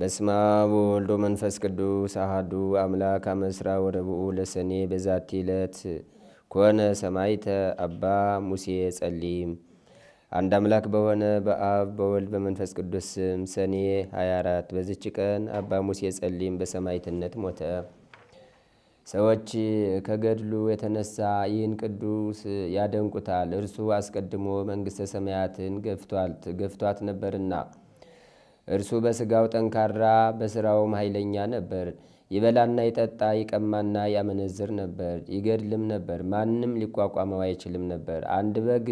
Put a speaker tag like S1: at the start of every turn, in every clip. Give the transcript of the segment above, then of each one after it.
S1: በስመ አብ ወወልድ ወመንፈስ ቅዱስ አሐዱ አምላክ አመስራ ወረብኡ ለሰኔ በዛቲ ዕለት ኮነ ሰማዕተ አባ ሙሴ ጸሊም። አንድ አምላክ በሆነ በአብ በወልድ በመንፈስ ቅዱስ ስም ሰኔ 24 በዚች ቀን አባ ሙሴ ጸሊም በሰማዕትነት ሞተ። ሰዎች ከገድሉ የተነሳ ይህን ቅዱስ ያደንቁታል። እርሱ አስቀድሞ መንግሥተ ሰማያትን ገፍቷት ነበርና እርሱ በሥጋው ጠንካራ በሥራውም ኃይለኛ ነበር። ይበላና ይጠጣ ይቀማና ያመነዝር ነበር፣ ይገድልም ነበር። ማንም ሊቋቋመው አይችልም ነበር። አንድ በግ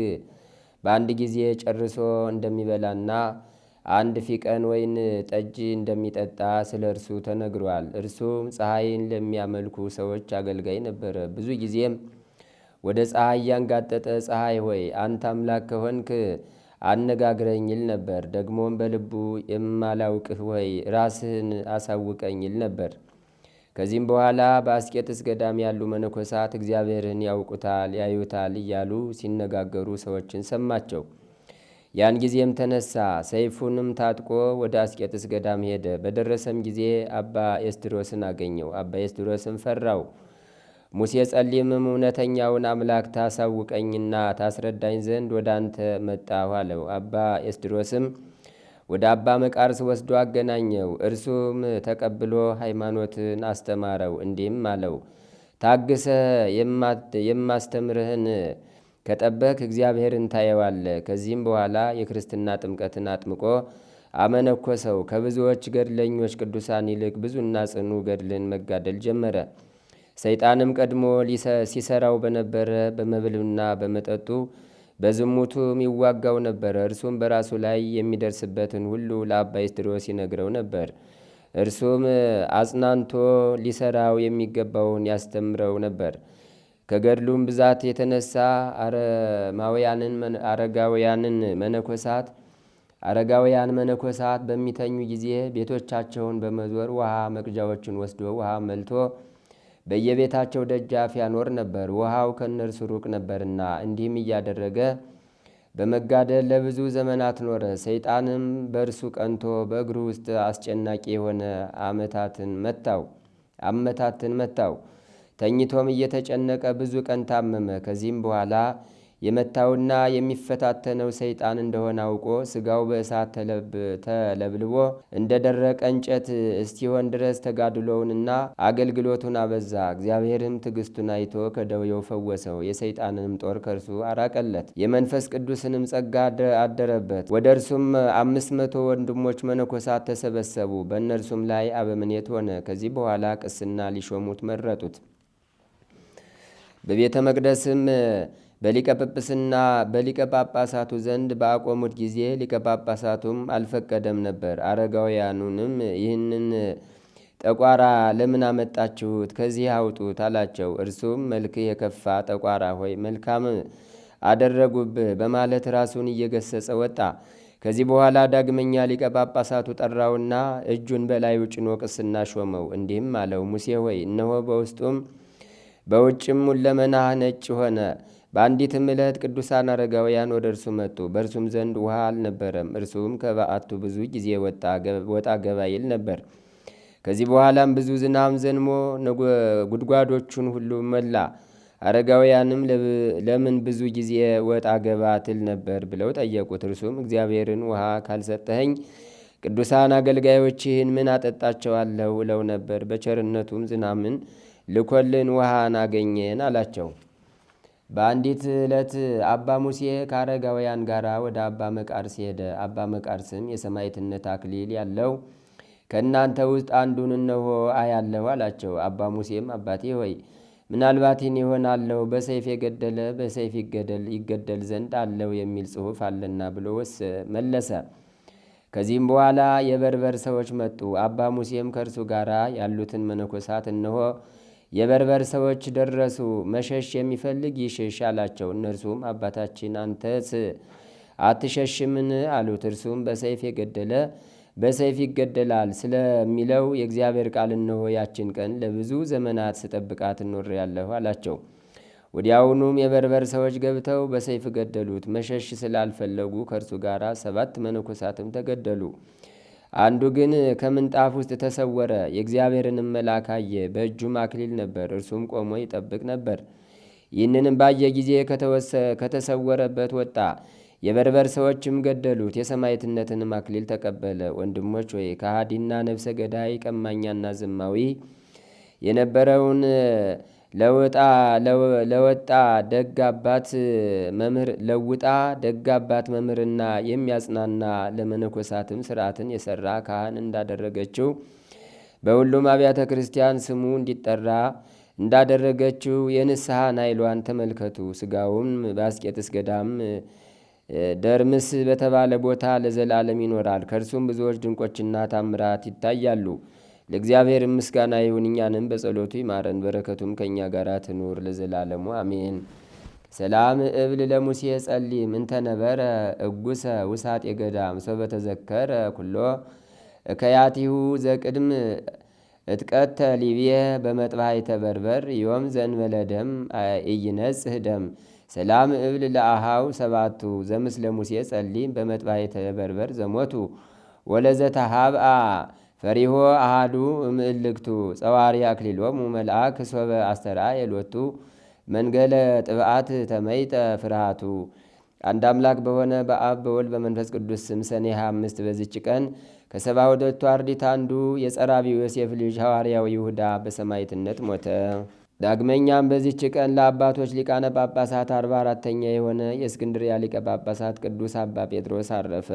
S1: በአንድ ጊዜ ጨርሶ እንደሚበላና አንድ ፊቀን ወይን ጠጅ እንደሚጠጣ ስለ እርሱ ተነግሯል። እርሱም ፀሐይን ለሚያመልኩ ሰዎች አገልጋይ ነበረ። ብዙ ጊዜም ወደ ፀሐይ እያንጋጠጠ ፀሐይ ሆይ አንተ አምላክ ከሆንክ አነጋግረኝ ይል ነበር። ደግሞም በልቡ የማላውቅህ ወይ ራስህን አሳውቀኝ ይል ነበር። ከዚህም በኋላ በአስቄጥስ ገዳም ያሉ መነኮሳት እግዚአብሔርን ያውቁታል፣ ያዩታል እያሉ ሲነጋገሩ ሰዎችን ሰማቸው። ያን ጊዜም ተነሳ፣ ሰይፉንም ታጥቆ ወደ አስቄጥስ ገዳም ሄደ። በደረሰም ጊዜ አባ ኤስድሮስን አገኘው። አባ ኤስድሮስን ፈራው። ሙሴ ጸሊምም እውነተኛውን አምላክ ታሳውቀኝና ታስረዳኝ ዘንድ ወደ አንተ መጣሁ አለው። አባ ኤስድሮስም ወደ አባ መቃርስ ወስዶ አገናኘው። እርሱም ተቀብሎ ሃይማኖትን አስተማረው። እንዲህም አለው ታግሰ የማስተምርህን ከጠበክ እግዚአብሔርን ታየዋለ። ከዚህም በኋላ የክርስትና ጥምቀትን አጥምቆ አመነኮሰው። ከብዙዎች ገድለኞች ቅዱሳን ይልቅ ብዙና ጽኑ ገድልን መጋደል ጀመረ። ሰይጣንም ቀድሞ ሲሰራው በነበረ በመብልና በመጠጡ በዝሙቱም ይዋጋው ነበረ። እርሱም በራሱ ላይ የሚደርስበትን ሁሉ ለአባ ይስድሮስ ይነግረው ነበር። እርሱም አጽናንቶ ሊሰራው የሚገባውን ያስተምረው ነበር። ከገድሉም ብዛት የተነሳ አረማውያንን አረጋውያንን መነኮሳት አረጋውያን መነኮሳት በሚተኙ ጊዜ ቤቶቻቸውን በመዞር ውሃ መቅጃዎችን ወስዶ ውሃ መልቶ በየቤታቸው ደጃፍ ያኖር ነበር። ውሃው ከእነርሱ ሩቅ ነበርና እንዲህም እያደረገ በመጋደል ለብዙ ዘመናት ኖረ። ሰይጣንም በእርሱ ቀንቶ በእግሩ ውስጥ አስጨናቂ የሆነ አመታትን መታው አመታትን መታው። ተኝቶም እየተጨነቀ ብዙ ቀን ታመመ። ከዚህም በኋላ የመታውና የሚፈታተነው ሰይጣን እንደሆነ አውቆ ስጋው በእሳት ተለብልቦ እንደ ደረቀ እንጨት እስኪሆን ድረስ ተጋድሎውንና አገልግሎቱን አበዛ። እግዚአብሔርም ትዕግስቱን አይቶ ከደዌው ፈወሰው፣ የሰይጣንንም ጦር ከእርሱ አራቀለት። የመንፈስ ቅዱስንም ጸጋ አደረበት። ወደ እርሱም አምስት መቶ ወንድሞች መነኮሳት ተሰበሰቡ። በእነርሱም ላይ አበምኔት ሆነ። ከዚህ በኋላ ቅስና ሊሾሙት መረጡት። በቤተ መቅደስም በሊቀ ጵጵስና በሊቀ ጳጳሳቱ ዘንድ ባቆሙት ጊዜ ሊቀ ጳጳሳቱም አልፈቀደም ነበር። አረጋውያኑንም ይህንን ጠቋራ ለምን አመጣችሁት? ከዚህ አውጡት አላቸው። እርሱም መልክ የከፋ ጠቋራ ሆይ መልካም አደረጉብህ በማለት ራሱን እየገሰጸ ወጣ። ከዚህ በኋላ ዳግመኛ ሊቀ ጳጳሳቱ ጠራውና እጁን በላዩ ጭኖ ቅስና ሾመው። እንዲህም አለው፣ ሙሴ ሆይ እነሆ በውስጡም በውጭም ሁለመና ነጭ ሆነ። በአንዲትም ዕለት ቅዱሳን አረጋውያን ወደ እርሱ መጡ። በእርሱም ዘንድ ውሃ አልነበረም። እርሱም ከበዓቱ ብዙ ጊዜ ወጣ ገባ ይል ነበር። ከዚህ በኋላም ብዙ ዝናም ዘንሞ ጉድጓዶቹን ሁሉ መላ። አረጋውያንም ለምን ብዙ ጊዜ ወጣ ገባ ትል ነበር ብለው ጠየቁት። እርሱም እግዚአብሔርን ውሃ ካልሰጠኸኝ ቅዱሳን አገልጋዮችህን ምን አጠጣቸዋለሁ ብለው ነበር። በቸርነቱም ዝናምን ልኮልን ውሃን አገኘን አላቸው። በአንዲት ዕለት አባ ሙሴ ከአረጋውያን ጋር ወደ አባ መቃርስ ሄደ። አባ መቃርስም የሰማዕትነት አክሊል ያለው ከእናንተ ውስጥ አንዱን እነሆ አያለሁ አላቸው። አባ ሙሴም አባቴ ሆይ ምናልባትን ይሆናለሁ በሰይፍ የገደለ በሰይፍ ይገደል ዘንድ አለው የሚል ጽሑፍ አለና ብሎ ወስ መለሰ። ከዚህም በኋላ የበርበር ሰዎች መጡ። አባ ሙሴም ከእርሱ ጋር ያሉትን መነኮሳት እነሆ የበርበር ሰዎች ደረሱ። መሸሽ የሚፈልግ ይሸሽ አላቸው። እነርሱም አባታችን አንተስ አትሸሽምን አሉት። እርሱም በሰይፍ የገደለ በሰይፍ ይገደላል ስለሚለው የእግዚአብሔር ቃል እነሆ ያችን ቀን ለብዙ ዘመናት ስጠብቃት ያለሁ አላቸው። ወዲያውኑም የበርበር ሰዎች ገብተው በሰይፍ ገደሉት። መሸሽ ስላልፈለጉ ከእርሱ ጋር ሰባት መነኮሳትም ተገደሉ። አንዱ ግን ከምንጣፍ ውስጥ ተሰወረ፣ የእግዚአብሔርንም መልአክ አየ፣ በእጁም አክሊል ነበር፣ እርሱም ቆሞ ይጠብቅ ነበር። ይህንንም ባየ ጊዜ ከተሰወረበት ወጣ፣ የበርበር ሰዎችም ገደሉት፣ የሰማዕትነትንም አክሊል ተቀበለ። ወንድሞች ወይ ከሃዲና ነፍሰ ገዳይ ቀማኛና ዝማዊ የነበረውን ለወጣ ደግ መምህር ለውጣ ደግ አባት መምህርና የሚያጽናና ለመነኮሳትም ስርዓትን የሰራ ካህን እንዳደረገችው በሁሉም አብያተ ክርስቲያን ስሙ እንዲጠራ እንዳደረገችው የንስሐ ናይሏን ተመልከቱ። ስጋውም በአስቄጥስ ገዳም ደርምስ በተባለ ቦታ ለዘላለም ይኖራል። ከእርሱም ብዙዎች ድንቆችና ታምራት ይታያሉ። ለእግዚአብሔር ምስጋና ይሁን፣ እኛንም በጸሎቱ ይማረን፣ በረከቱም ከእኛ ጋር ትኑር ለዘላለሙ አሜን። ሰላም እብል ለሙሴ ጸሊ ምንተነበረ እጉሰ ውሳጤ ገዳም ሰው በተዘከረ ኩሎ ከያቲሁ ዘቅድም እትቀተ ሊብየ በመጥባህ በርበር ዮም ዘእንበለ ደም ኢይነጽህ ደም ሰላም እብል ለአሃው ሰባቱ ዘምስለ ሙሴ ጸሊ በመጥባሕተ በርበር ዘሞቱ ወለዘተሃብአ ፈሪሆ አሃዱ እምእልክቱ ጸዋሪ አክሊሎሙ መልአክ ሶበ አስተራ የሎቱ መንገለ ጥብአት ተመይጠ ፍርሃቱ። አንድ አምላክ በሆነ በአብ በወልድ በመንፈስ ቅዱስ ስም ሰኔ ሃያ አምስት በዚች ቀን ከሰባ ሁለቱ አርድእት አንዱ የጸራቢው ዮሴፍ ልጅ ሐዋርያው ይሁዳ በሰማይትነት ሞተ። ዳግመኛም በዚች ቀን ለአባቶች ሊቃነ ጳጳሳት አርባ አራተኛ የሆነ የእስክንድሪያ ሊቀ ጳጳሳት ቅዱስ አባ ጴጥሮስ አረፈ።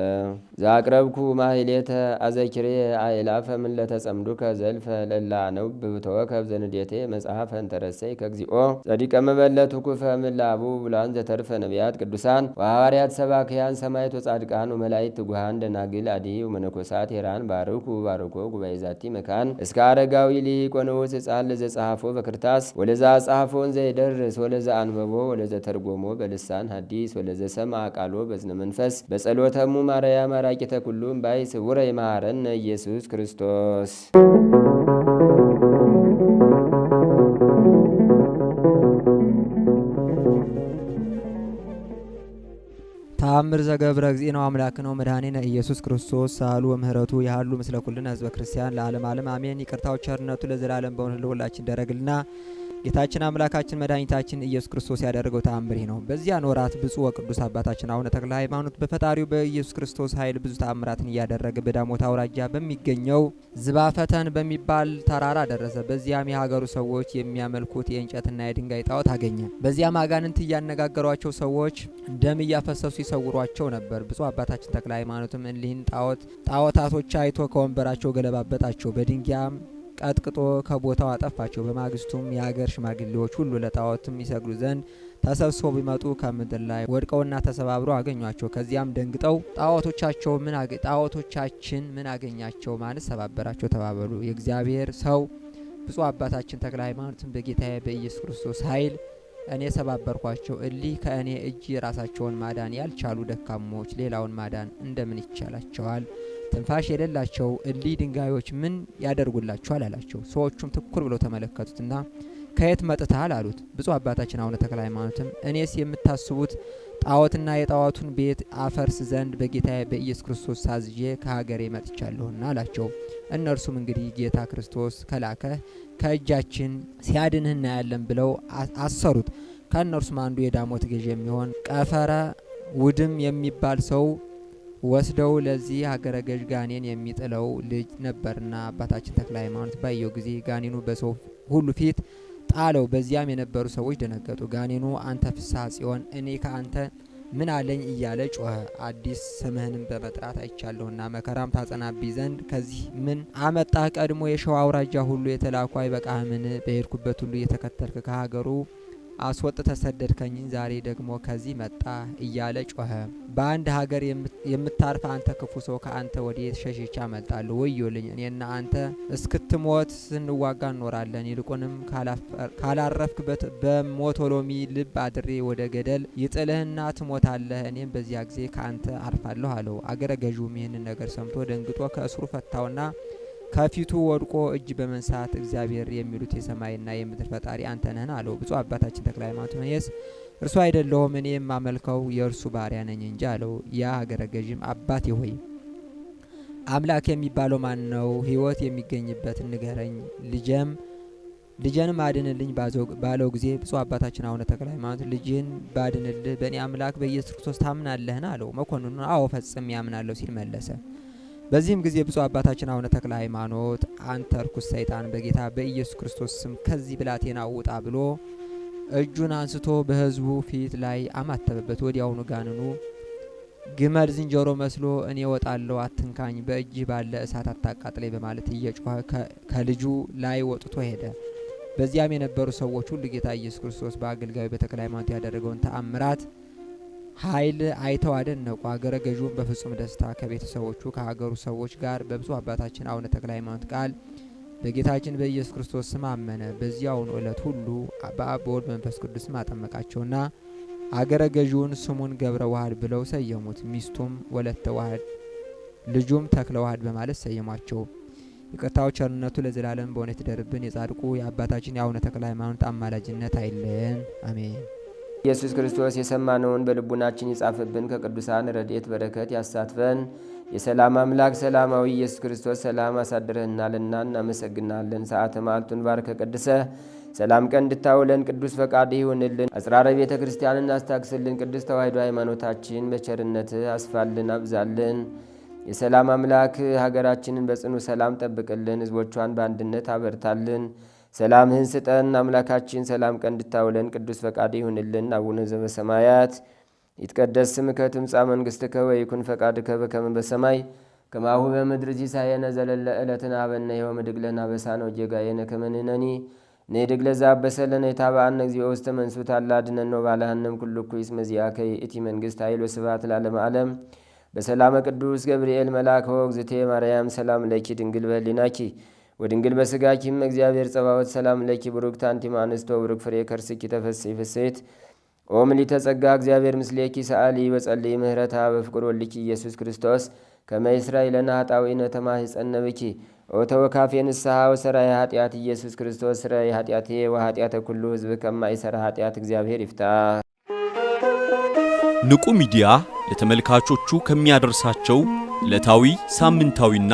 S1: ዛቅረብኩ ማህሌተ አዘኪሬ አይላፈ ምን ለተጸምዱከ ዘልፈ ለላ ነው ብብተወ ከብዘንዴቴ መጽሐፈ እንተረሰይ ከግዚኦ ጸዲቀ መበለቱ ኩፈ ምን ላቡ ብሏን ዘተርፈ ነቢያት ቅዱሳን ወሐዋርያት ሰባክያን ሰማይቶ ጻድቃን ወመላይት ትጉሃን ደናግል አዲ ወመነኮሳት ሄራን ባርኩ ባርኮ ጉባኤ ዛቲ መካን እስከ አረጋዊ ሊቆነውስ ጻል ዘጸሐፎ በክርታስ ወለዛ ጻፎን ዘይደርስ ወለዛ አንበቦ ወለዘ ተርጎሞ በልሳን ሐዲስ ወለዘ ሰማ ቃሎ በዝነ መንፈስ በጸሎተሙ ማርያ ማራቂተ ኩሉም ባይ ስውረ ይማረነ ኢየሱስ ክርስቶስ ተአምር ዘገብረ እግዚእነ አምላክ ነው መድኃኒነ ኢየሱስ ክርስቶስ ሳሉ ወምህረቱ ያህሉ ምስለ ኩልነ ህዝበ ክርስቲያን ለዓለም ዓለም አሜን። ይቅርታው ቸርነቱ ለዘላለም በሆነ ለሁላችን ደረግልና ጌታችን አምላካችን መድኃኒታችን ኢየሱስ ክርስቶስ ያደረገው ተአምር ነው። በዚያን ወራት ብፁዕ ወቅዱስ አባታችን አቡነ ተክለ ሃይማኖት በፈጣሪው በኢየሱስ ክርስቶስ ኃይል ብዙ ተአምራትን እያደረገ በዳሞት አውራጃ በሚገኘው ዝባፈተን በሚባል ተራራ ደረሰ። በዚያም የሀገሩ ሰዎች የሚያመልኩት የእንጨትና የድንጋይ ጣዖት አገኘ። በዚያም አጋንንት እያነጋገሯቸው ሰዎች ደም እያፈሰሱ ይሰውሯቸው ነበር። ብፁዕ አባታችን ተክለ ሃይማኖትም እሊህን ጣዖት ጣዖታቶች አይቶ ከወንበራቸው ገለባበጣቸው በድንጊያም ቀጥቅጦ ከቦታው አጠፋቸው። በማግስቱም የሀገር ሽማግሌዎች ሁሉ ለጣዖትም ይሰግዱ ዘንድ ተሰብስበው ቢመጡ ከምድር ላይ ወድቀውና ተሰባብረው አገኟቸው። ከዚያም ደንግጠው ጣዖቶቻቸው ምን ጣዖቶቻችን ምን አገኛቸው ማለት ሰባበራቸው ተባበሉ። የእግዚአብሔር ሰው ብፁዕ አባታችን ተክለ ሃይማኖትን በጌታዬ በኢየሱስ ክርስቶስ ኃይል እኔ ሰባበርኳቸው። እሊህ ከእኔ እጅ የራሳቸውን ማዳን ያልቻሉ ደካሞች ሌላውን ማዳን እንደምን ይቻላቸዋል? ትንፋሽ የሌላቸው እሊህ ድንጋዮች ምን ያደርጉላቸዋል አላቸው። ሰዎቹም ትኩር ብለው ተመለከቱትና ከየት መጥተሃል? አሉት። ብፁዕ አባታችን አቡነ ተክለ ሃይማኖትም እኔስ የምታስቡት ጣዖትና የጣዖቱን ቤት አፈርስ ዘንድ በጌታዬ በኢየሱስ ክርስቶስ ሳዝዤ ከሀገሬ መጥቻለሁና አላቸው። እነርሱም እንግዲህ ጌታ ክርስቶስ ከላከ ከእጃችን ሲያድንህ እናያለን ብለው አሰሩት። ከእነርሱም አንዱ የዳሞት ገዥ የሚሆን ቀፈረ ውድም የሚባል ሰው ወስደው ለዚህ ሀገረ ገዥ ጋኔን የሚጥለው ልጅ ነበርና አባታችን ተክለ ሃይማኖት ባየው ጊዜ ጋኔኑ በሰው ሁሉ ፊት ጣለው። በዚያም የነበሩ ሰዎች ደነገጡ። ጋኔኑ አንተ ፍሳ ጽዮን እኔ ከአንተ ምን አለኝ እያለ ጮኸ። አዲስ ስምህንም በመጥራት አይቻለሁና መከራም ታጸናቢ ዘንድ ከዚህ ምን አመጣህ? ቀድሞ የሸዋ አውራጃ ሁሉ የተላኩ አይበቃህምን? በሄድኩበት ሁሉ እየተከተልክ ከሀገሩ አስወጥተ ሰደድከኝ፣ ዛሬ ደግሞ ከዚህ መጣ እያለ ጮኸ። በአንድ ሀገር የምታርፍ አንተ ክፉ ሰው ከአንተ ወዴት ሸሽቻ አመልጣለሁ? ወዮልኝ! እኔና አንተ እስክትሞት ስንዋጋ እንኖራለን። ይልቁንም ካላረፍክ በሞቶሎሚ ልብ አድሬ ወደ ገደል ይጥልህና ትሞታለህ። እኔም በዚያ ጊዜ ከአንተ አርፋለሁ አለው። አገረ ገዥውም ይህንን ነገር ሰምቶ ደንግጦ ከእስሩ ፈታውና ከፊቱ ወድቆ እጅ በመንሳት እግዚአብሔር የሚሉት የሰማይና የምድር ፈጣሪ አንተ ነህን አለው። ብፁ አባታችን ተክለ ሃይማኖት መየስ እርሱ አይደለሁም እኔ የማመልከው የእርሱ ባሪያ ነኝ እንጂ አለው። ያ ሀገረ ገዥም አባቴ ሆይ አምላክ የሚባለው ማን ነው? ህይወት የሚገኝበት ንገረኝ፣ ልጀም ልጀንም አድንልኝ ባለው ጊዜ ብፁ አባታችን አቡነ ተክለ ሃይማኖት ልጅህን ባድንልህ በእኔ አምላክ በኢየሱስ ክርስቶስ ታምናለህን? አለው። መኮንኑን አዎ ፈጽም ያምናለሁ ሲል መለሰ። በዚህም ጊዜ ብፁዕ አባታችን አቡነ ተክለ ሃይማኖት አንተ ርኩስ ሰይጣን በጌታ በኢየሱስ ክርስቶስ ስም ከዚህ ብላቴና ውጣ ብሎ እጁን አንስቶ በህዝቡ ፊት ላይ አማተበበት። ወዲያውኑ ጋንኑ ግመል ዝንጀሮ መስሎ እኔ ወጣለሁ፣ አትንካኝ፣ በእጅህ ባለ እሳት አታቃጥለኝ በማለት እየጮኸ ከልጁ ላይ ወጥቶ ሄደ። በዚያም የነበሩ ሰዎች ሁሉ ጌታ ኢየሱስ ክርስቶስ በአገልጋዩ በተክለ ሃይማኖት ያደረገውን ተአምራት ኃይል አይተው አደነቁ። አገረ ገዥውን በፍጹም ደስታ ከቤተሰቦቹ ከሀገሩ ሰዎች ጋር በብፁዕ አባታችን አቡነ ተክለ ሃይማኖት ቃል በጌታችን በኢየሱስ ክርስቶስ ስም አመነ። በዚያውኑ ዕለት ሁሉ በአብ በወልድ መንፈስ ቅዱስም አጠመቃቸውና አገረ ገዥውን ስሙን ገብረ ዋህድ ብለው ሰየሙት። ሚስቱም ወለተ ዋህድ፣ ልጁም ተክለ ዋህድ በማለት ሰየሟቸው። ይቅርታው ቸርነቱ ለዘላለም በሆነ የተደርብን የጻድቁ የአባታችን የአቡነ ተክለ ሃይማኖት አማላጅነት አይለየን፣ አሜን። ኢየሱስ ክርስቶስ የሰማነውን በልቡናችን ይጻፍብን፣ ከቅዱሳን ረድኤት በረከት ያሳትፈን። የሰላም አምላክ ሰላማዊ ኢየሱስ ክርስቶስ ሰላም አሳድረህናልና እናመሰግናለን። ሰዓተ ማልቱን ባርከ ቀድሰ ሰላም ቀን እንድታውለን ቅዱስ ፈቃድ ይሁንልን። አጽራረ ቤተ ክርስቲያን አስታክስልን። ቅዱስ ተዋሕዶ ሃይማኖታችን በቸርነት አስፋልን፣ አብዛልን። የሰላም አምላክ ሀገራችንን በጽኑ ሰላም ጠብቅልን፣ ህዝቦቿን በአንድነት አበርታልን። ሰላምህን ስጠን አምላካችን። ሰላም ቀን እንድታውለን ቅዱስ ፈቃድ ይሁንልን። አቡነ ዘበሰማያት ይትቀደስ ስምከ ትምጻእ መንግሥትከ ወይኩን ፈቃድከ በከመ በሰማይ ከማሁ በምድር ሲሳየነ ዘለለ ዕለትነ ሀበነ ዮም ወኅድግ ለነ አበሳነ ወጌጋየነ ከመ ንሕነኒ ንኅድግ ለዘአበሰ ለነ የታብአነ እግዚኦ ውስተ መንሱት አላ አድኅነነ ኩሉ ኩይስ መዚአከ ይእቲ መንግሥት ኃይል ወስብሐት ለዓለመ ዓለም በሰላመ ቅዱስ ገብርኤል መልአከ እግዝእትየ ማርያም ሰላም ለኪ ድንግል በኅሊናኪ ወድንግል በስጋኪም እግዚአብሔር ጸባወት ሰላም ለኪ ብሩክ አንቲ እምአንስቶ ብሩክ ፍሬ ከርስኪ ተፈሥሒ ፍሴት ኦም ምልዕተ ጸጋ እግዚአብሔር ምስሌኪ ሰአሊ በጸልይ ምህረታ በፍቅር ወልኪ ኢየሱስ ክርስቶስ ከመ ይሥራይለነ ኃጣውኢነ ተማኅፀነ ብኪ ኦ ተወካፌ ንስሓ ወሰራይ ኃጢአት ኢየሱስ ክርስቶስ ስራይ ኃጢአቴ ወኃጢአተ ኩሉ ሕዝብ ከማይሠራ ኃጢአት እግዚአብሔር ይፍታ።
S2: ንቁ ሚዲያ ለተመልካቾቹ ከሚያደርሳቸው ዕለታዊ ሳምንታዊና